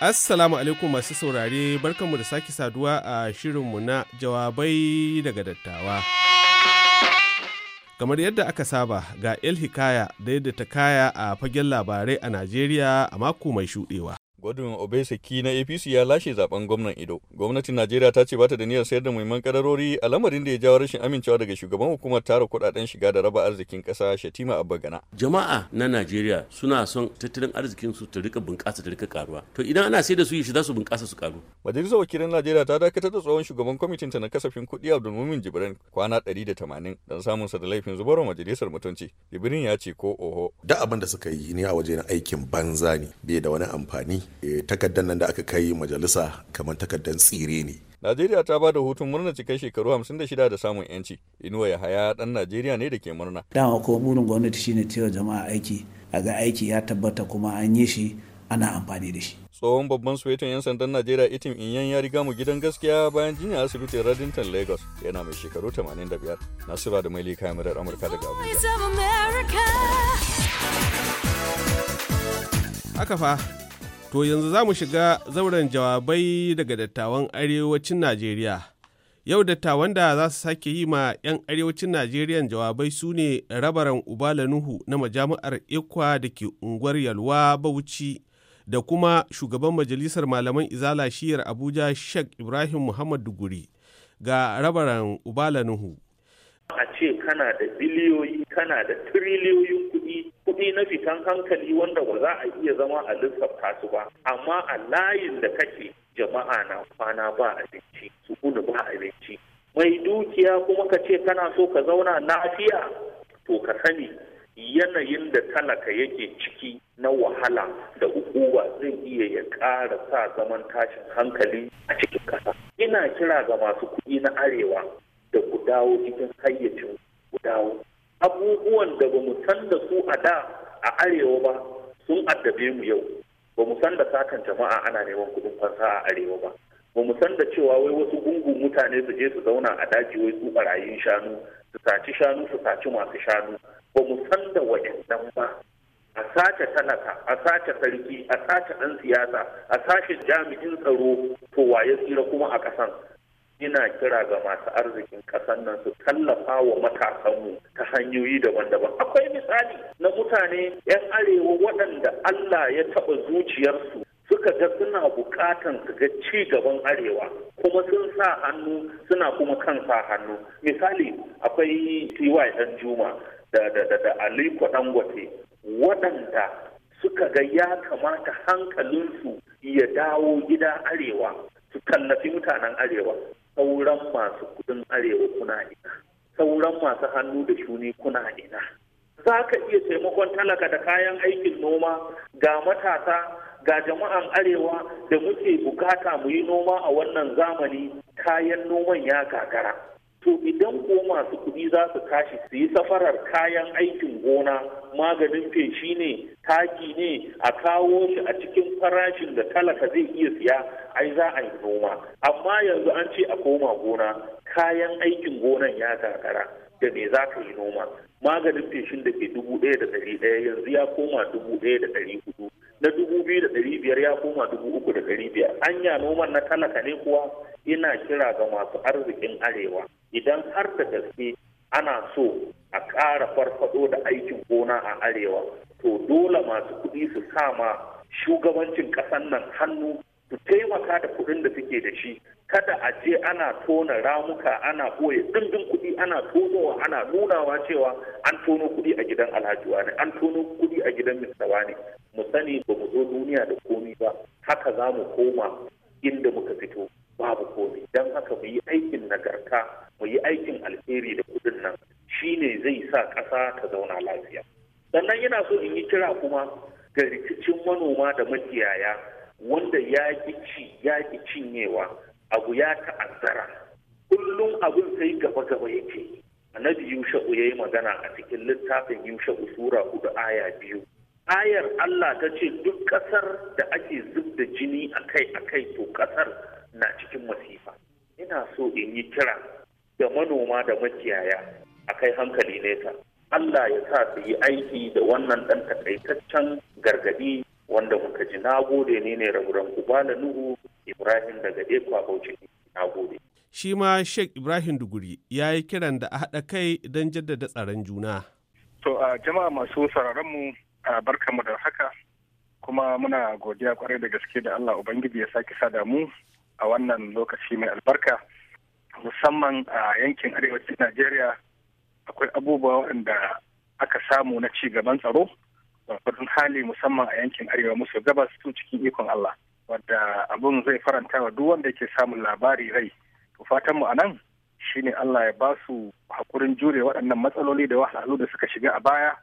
Assalamu alaikum masu saurare barkanmu da sake saduwa a shirinmu na jawabai daga dattawa. Kamar yadda aka saba ga El Hikaya da yadda ta kaya a fagen labarai a Najeriya a mako mai shuɗewa. Godwin obesaki na APC ya lashe zaben gwamnan Ido. Gwamnatin Najeriya ta ce bata da niyyar sayar da muhimman kadarori a lamarin da ya jawo rashin amincewa daga shugaban hukumar tara kudaden shiga da raba arzikin kasa Shatima Abbagana. Jama'a na Najeriya suna son tattalin arzikin su ta rika bunƙasa ta rika karuwa. To idan ana sayar da su shi za su bunƙasa su karu. Majalisar wakilan Najeriya ta dakatar da tsohon shugaban kwamitin ta na kasafin kuɗi Abdulmumin Jibrin kwana 180 don samun sa da laifin zubarwa majalisar mutunci. Jibrin ya ce ko oho. Da abin da suka yi ni a wajen aikin banza ne bai da wani amfani Eh, takaddan nan da aka kai majalisa kamar takaddan tsire ne Najeriya ta ba da hutun murna cikin shekaru 56 da samun yanci. Inuwa ya haya dan Najeriya ne da ke murna. Dama ko burin gwamnati shine cewa jama'a aiki a ga aiki ya tabbata kuma an yi shi ana amfani da shi. Tsohon babban suwetin 'yan sandan Najeriya Itim Inyan ya riga mu gidan gaskiya bayan jinya asibitin Radinton Lagos yana mai shekaru 85. siba da mai Maili kamarar Amurka daga Abuja. Haka fa To yanzu za mu shiga zauren jawabai daga dattawan arewacin Najeriya. Yau dattawan da za su sake yi ma 'yan arewacin Najeriya jawabai su ne rabaran Ubala Nuhu na majami'ar Ikwa da ke unguwar Yalwa Bauchi da kuma shugaban majalisar malaman Izala Shiyar Abuja Sheikh Ibrahim Muhammad Duguri ga rabaran Ubala Nuhu. A ce kana da biliyoyi, kana da triliyoyin kuɗi kuɗi na fitan hankali wanda ba za a iya zama a lissafta su ba amma a layin da kake jama'a na kwana ba abinci su kuna ba abinci mai dukiya kuma ka ce kana so ka zauna lafiya to ka sani yanayin da talaka yake ciki na wahala da hukuma zai iya ya ƙara sa zaman tashin hankali a cikin ƙasa. Ina kira ga masu kuɗi na arewa da ku dawo cikin hayyacin ku dawo abubuwan da ba mu san da su a da a arewa ba sun addabe mu yau ba mu san da satan jama'a ana neman kudin fansa a arewa ba ba mu san da cewa wai wasu gungun mutane su je su zauna a daji wai su barayin shanu su saci shanu su saci masu shanu ba mu san da waɗannan ba a sace talaka a sace sarki a sace ɗan siyasa a sace jami'in tsaro to waye tsira kuma a ƙasan ina kira ga masu arzikin ƙasar nan su tallafa wa matasanmu ta hanyoyi daban-daban akwai misali na mutane 'yan arewa waɗanda allah ya taɓa zuciyarsu suka ga suna bukatan su ga ci gaban arewa kuma sun sa hannu suna kuma kan sa hannu misali akwai ty dan juma da da da da aliko dangote waɗanda suka ga ya kamata hankalinsu ya dawo gida arewa su tallafi mutanen arewa sauran masu kudin arewa kuna ina sauran masu hannu da shuni kuna ina za ka iya taimakon talaka da kayan aikin noma ga matasa ga jama'an arewa da muke bukata mu yi noma a wannan zamani kayan noman ya gagara to idan ko masu kuɗi za su kashi su yi safarar kayan aikin gona maganin feshi ne taki ne a kawo shi a cikin farashin da talaka zai iya siya ai za a yi noma amma yanzu an ce a koma gona kayan aikin gonan ya kakara, da me za ka yi noma maganin feshin da ke dubu ɗaya da ɗari ɗaya yanzu ya koma dubu ɗaya da ɗari hudu na dubu biyu da ɗari biyar ya koma dubu uku da ɗari biyar anya noman na talaka ne kuwa ina kira ga masu arzikin arewa idan har da gaske ana so a ƙara farfado da aikin gona a arewa to dole masu kuɗi su kama shugabancin ƙasan nan hannu su taimaka da kuɗin da suke da shi kada a je ana tona ramuka ana ɓoye ɗimbin kuɗi ana tonowa ana nunawa cewa an tono kuɗi a gidan alhaji wani an tono kuɗi a gidan mista wani mu sani ba mu zo duniya da komi ba haka za mu koma inda muka fito babu komai don haka mu yi aikin nagarta mu yi aikin alheri da kudin nan shine zai sa ƙasa ta zauna lafiya sannan yana so in yi kira kuma ga rikicin manoma da makiyaya wanda ya ƙi ci ya cinyewa abu ya ta'azzara kullum abin sai gaba gaba yake biyu sha'u ya yi magana a cikin littafin yusha'u sura hudu aya biyu ayar Allah ta ce duk ƙasar da ake jini akai-akai to kasar na cikin masifa ina so in yi kira da manoma da makiyaya a kai hankali nesa Allah ya sa su yi aiki da wannan ɗan takaitaccen gargaɗi wanda muka ji na gode ne ne raguran uba na nuhu ibrahim daga ekwa bauchi na gode shi ma sheikh ibrahim duguri ya yi kiran da a haɗa kai don jaddada tsaron juna to a jama'a masu sauraron mu barkamu da haka kuma muna godiya kwarai da gaske da Allah Ubangiji ya sake da mu a wannan lokaci mai albarka musamman a yankin arewacin Najeriya akwai abubuwa waɗanda aka samu na ci gaban tsaro babban hali musamman a yankin arewa musu gabas tun cikin ikon Allah wadda abun zai faranta wa duk wanda yake samun labari rai to fatan mu anan shine Allah ya ba su hakurin jure waɗannan matsaloli da wahalhalu da suka shiga a baya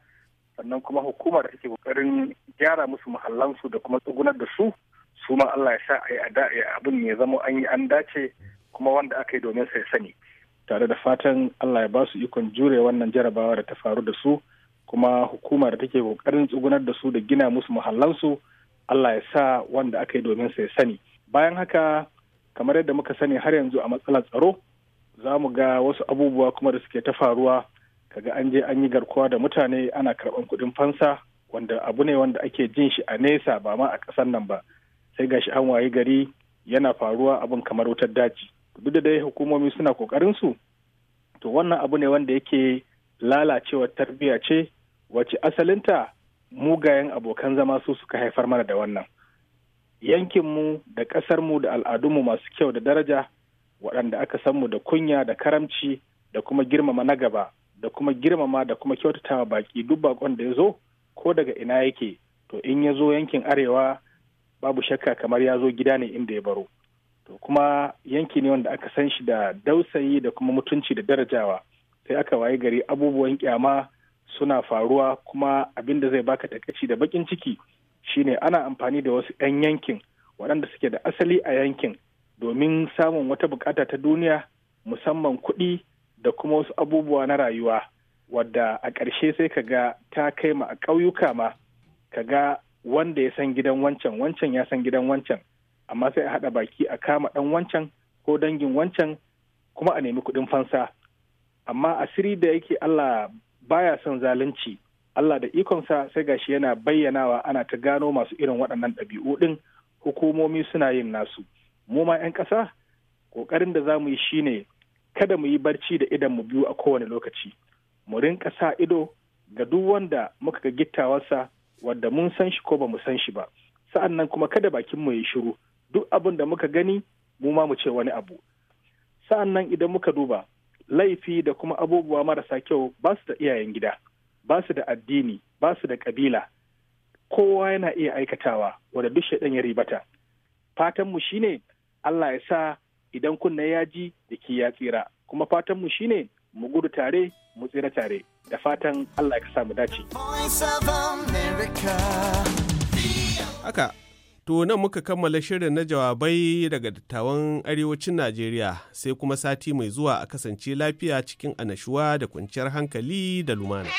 sannan kuma hukumar da take kokarin gyara musu mahallansu da kuma tsugunar da su su ma Allah ya sa a yi abin ya zama an yi an dace kuma wanda aka yi domin sai sani tare da fatan Allah ya ba su ikon jure wannan jarabawa da ta faru da su kuma hukumar da take kokarin tsugunar da su da gina musu mahallansu Allah ya sa wanda aka yi domin sai sani bayan haka kamar yadda muka sani har yanzu a matsalar tsaro za mu ga wasu abubuwa kuma da suke ta faruwa kaga an je an yi garkuwa da mutane ana karɓan kuɗin fansa wanda abu ne wanda ake jin shi a nesa ba ma a ƙasar nan ba sai gashi an waye gari yana faruwa abin kamar wutar daji duk da dai hukumomi suna kokarin su to wannan abu ne wanda yake lalacewa tarbiyya ce wacce asalinta mugayen abokan zama su suka haifar mana da wannan yankinmu da ƙasarmu da al'adunmu masu kyau da daraja waɗanda aka san mu da kunya da karamci da kuma girmama na gaba da kuma girmama da kuma kyautatawa baki duk bakon da ya zo ko daga ina yake to in ya zo yankin arewa babu shakka kamar ya zo gida ne inda ya baro to kuma yanki ne wanda aka san shi da dausayi da kuma mutunci da darajawa sai aka waye gari abubuwan kyama suna faruwa kuma abin da zai baka takaici da bakin ciki shine ana amfani da wasu 'yan yankin waɗanda suke da asali a yankin domin samun wata bukata ta duniya musamman kuɗi da kuma wasu abubuwa na rayuwa wadda a ƙarshe sai ka ga ta kai ma a ƙauyuka ma ka ga wanda ya san gidan wancan wancan ya san gidan wancan amma sai a haɗa baki a kama ɗan wancan ko dangin wancan kuma a nemi kuɗin fansa amma asiri da yake Allah baya son zalunci Allah da ikonsa sai gashi yana bayyanawa ana ta gano masu irin waɗannan ɗabi'u ɗin hukumomi suna yin nasu mu ma 'yan ƙasa ƙoƙarin da za mu yi shine kada mu yi barci da idan mu biyu a kowane lokaci mu rinka sa ido ga duk wanda muka ga gittawarsa wanda mun san shi ko ba mu san shi ba sa'an nan kuma kada bakin mu yi shiru duk abin da muka gani mu ma mu ce wani abu sa'an nan idan muka duba laifi da kuma abubuwa marasa kyau ba su da iyayen gida ba su da addini ba su da kabila kowa yana iya aikatawa wanda duk shaidan ya ribata fatanmu shine Allah ya sa idan kunna ya ji jiki ya tsira kuma fatan mu shine mu gudu tare mu tsira tare da fatan Allah ya mu dace haka to nan muka kammala shirin na jawabai daga dattawan arewacin Najeriya sai kuma sati mai zuwa a kasance lafiya cikin anashuwa da kwanciyar hankali da lumana